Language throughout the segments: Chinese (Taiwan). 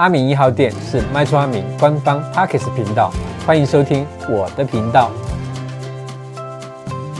阿明一號店是賣厝阿明官方 Podcast 頻道，歡迎收聽我的頻道。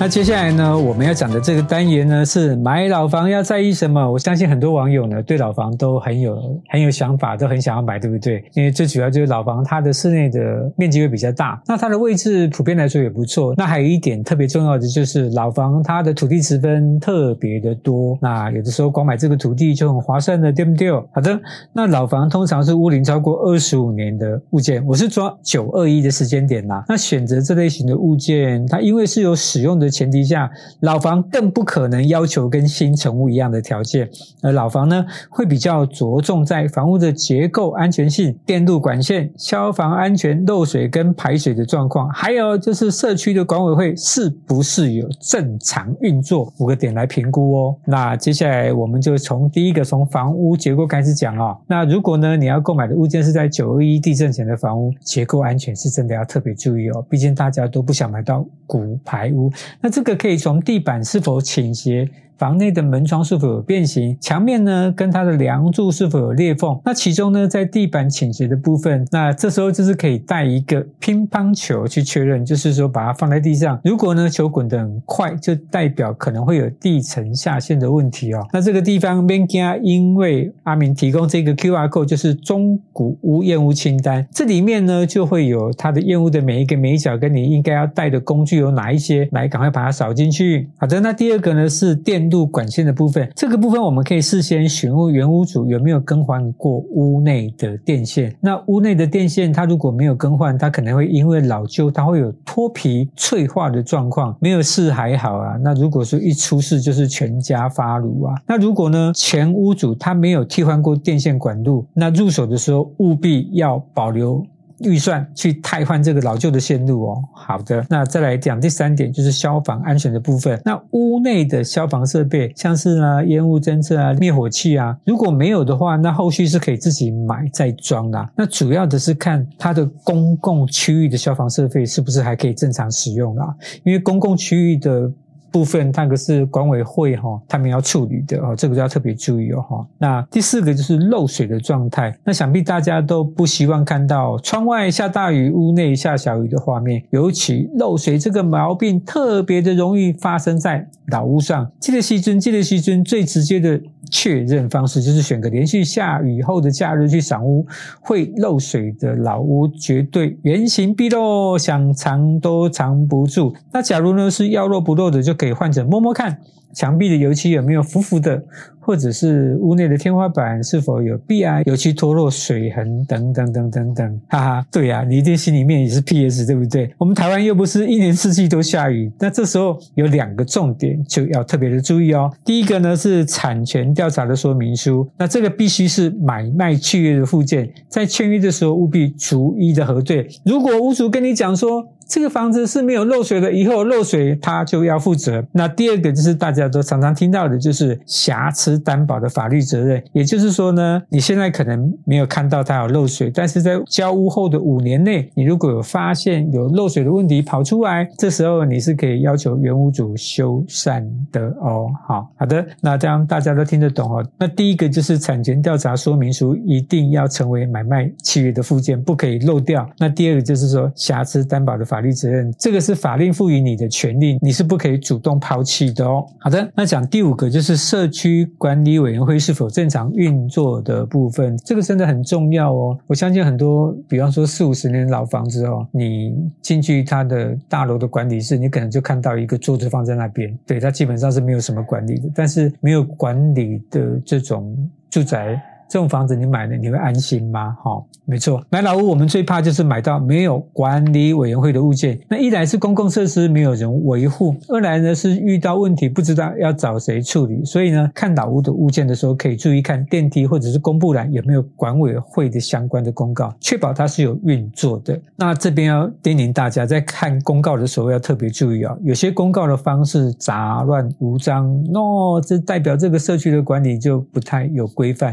那接下來呢，我們要講的這個單元呢，是買老房要注意什麼？我相信很多網友呢對老房都很有很有想法，都很想要買，對不對？因為最主要就是老房它的室內的面積會比較大，那它的位置普遍來說也不錯。那還有一點特別重要的就是老房它的土地持分特別的多，那有的時候光買這個土地就很划算的，對不對？好的，那老房通常是屋齡超過二十五年的物件，我是抓九二一的時間點啦。那選擇這類型的物件，它因為是有使用的。前提下，老房更不可能要求跟新成屋一樣的條件，而老房呢，會比較着重在房屋的結構安全性、電路管線、消防安全、漏水跟排水的狀況，還有就是社區的管委會是不是有正常運作五個點來評估哦。那接下來我們就從第一個，從房屋結構開始講哦。那如果呢，你要購買的物件是在九二一地震前的房屋，結構安全是真的要特別注意哦，畢竟大家都不想買到骨牌屋。那這個可以從地板是否傾斜，房內的門窗是否有變形？牆面呢？跟它的梁柱是否有裂縫？那其中呢，在地板傾斜的部分，那這時候就是可以帶一個乒乓球去確認，就是說把它放在地上，如果呢球滾得很快，就代表可能會有地層下陷的問題哦。那這個地方免驚啊，因為阿明提供這個 QR code，就是中古屋驗屋清單，這裡面呢就會有它的驗屋的每一個每一角，跟你應該要帶的工具有哪一些，來趕快把它掃進去。好的，那第二個呢是電。路管線的部分，這個部分我們可以事先詢問原屋主有沒有更換過屋內的電線。那屋內的電線，它如果沒有更換，它可能會因為老舊，它會有脫皮脆化的狀況。沒有事還好啊，那如果說一出事就是全家發爐啊。那如果呢，前屋主他沒有替換過電線管路，那入手的時候務必要保留預算去汰換這個老舊的線路哦。好的，那再來講第三點，就是消防安全的部分。那屋內的消防設備，像是啊煙霧偵測啊、滅火器啊，如果沒有的話，那後續是可以自己買再裝啦、啊。那主要的是看它的公共區域的消防設備是不是還可以正常使用啊？因為公共區域的。部分，它可是管委會哈，他們要處理的哦，這個就要特別注意哦。那第四個就是漏水的狀態，那想必大家都不希望看到窗外下大雨，屋內下小雨的畫面。尤其漏水這個毛病，特別的容易發生在老屋上。記得細菌，記得細菌，最直接的。確認方式就是選個連續下雨後的假日去賞屋，會漏水的老屋絕對原形畢露，想藏都藏不住。那假如呢是要漏不漏的，就給患者摸摸看，牆壁的油漆有沒有浮浮的，或者是屋內的天花板是否有壁癌、油漆脫落、水痕等等，等等等等，哈哈，對呀、啊，你一定心裡面也是 P S，對不對？我們台灣又不是一年四季都下雨，那這時候有兩個重點就要特別的注意哦。第一個呢是產權調查的說明書，那這個必須是買賣契約的附件，在簽約的時候務必逐一的核對。如果屋主跟你講說，這個房子是沒有漏水的，以後漏水他就要負責。那第二個就是大家都常常聽到的，就是瑕疵擔保的法律責任。也就是說呢，你現在可能沒有看到它有漏水，但是在交屋後的五年內，你如果有發現有漏水的問題跑出來，這時候你是可以要求原屋主修繕的哦。好，好的，那這樣大家都聽得懂哦。那第一個就是產權調查說明書一定要成為買賣契約的附件，不可以漏掉。那第二個就是說瑕疵擔保的法。法律責任，這個是法令賦予你的權利，你是不可以主動拋棄的哦。好的，那講第五個就是社區管理委員會是否正常運作的部分，這個真的很重要哦。我相信很多，比方說四五十年的老房子哦，你進去它的大樓的管理室，你可能就看到一個桌子放在那邊，對，它基本上是沒有什麼管理的。但是沒有管理的這種住宅。這種房子你買了，你會安心嗎？哈、哦，沒錯，買老屋我們最怕就是買到沒有管理委員會的物件。那一來是公共設施沒有人維護，二來呢是遇到問題不知道要找誰處理。所以呢，看老屋的物件的時候，可以注意看電梯或者是公布欄有沒有管委會的相關的公告，確保它是有運作的。那這邊要叮嚀大家，在看公告的時候要特別注意啊、哦，有些公告的方式雜亂無章，喏、哦，這代表這個社區的管理就不太有規範。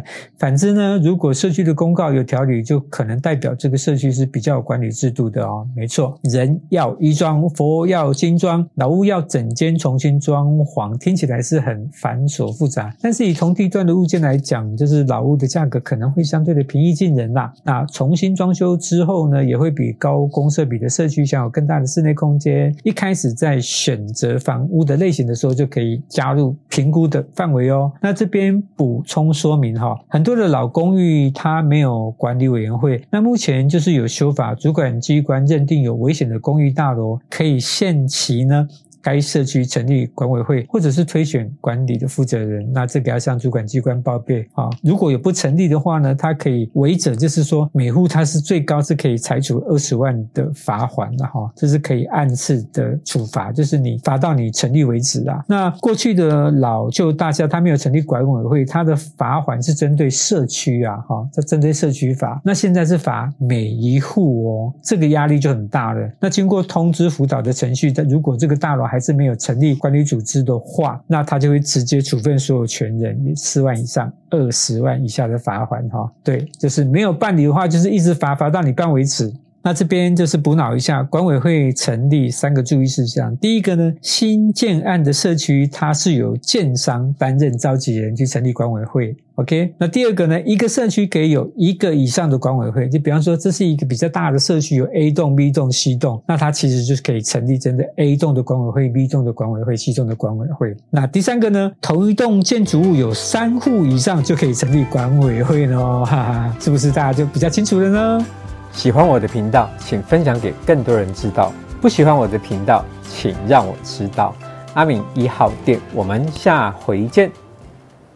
反之呢，如果社區的公告有條理，就可能代表這個社區是比較有管理制度的哦。沒錯，人要衣裝，佛要金裝，老屋要整間重新裝潢，聽起來是很繁瑣複雜。但是以同地段的物件來講，就是老屋的價格可能會相對的平易近人啦。那重新裝修之後呢，也會比高公設比的社區享有更大的室內空間。一開始在選擇房屋的類型的時候，就可以加入評估的範圍哦。那這邊補充說明哈、哦，很多。這老公寓它沒有管理委員會，那目前就是有修法，主管機關認定有危險的公寓大樓，可以限期呢，該社區成立管委會，或者是推選管理的負責人，那這個要向主管機關報備啊、哦。如果有不成立的話呢，他可以違者，就是說每戶他是最高是可以裁處二十萬的罰款的哈，這是可以按次的處罰，就是你罰到你成立為止啊。那過去的老舊大廈，他沒有成立管委會，他的罰款是針對社區啊哈，在、哦、針對社區罰。那現在是罰每一戶哦，這個壓力就很大了。那經過通知輔導的程序，在如果這個大樓還還是沒有成立管理組織的話，那他就會直接處分所有權人，四萬以上二十萬以下的罰款哈。對，就是沒有辦理的話，就是一直罰，罰到你辦為止。那這邊就是補腦一下，管委會成立三個注意事項。第一個呢，新建案的社區它是由建商擔任召集人去成立管委會，OK？那第二個呢，一個社區可以有一個以上的管委會，就比方說這是一個比較大的社區，有 A 棟、B 棟、C 棟，那它其實就是可以成立針對 A 棟的管委會、B 棟的管委會、C 棟的管委會。那第三個呢，同一棟建築物有三戶以上就可以成立管委會嘍，哈哈，是不是大家就比較清楚了呢？喜歡我的頻道，請分享給更多人知道。不喜歡我的頻道，請讓我知道。阿明一號店，我們下回見。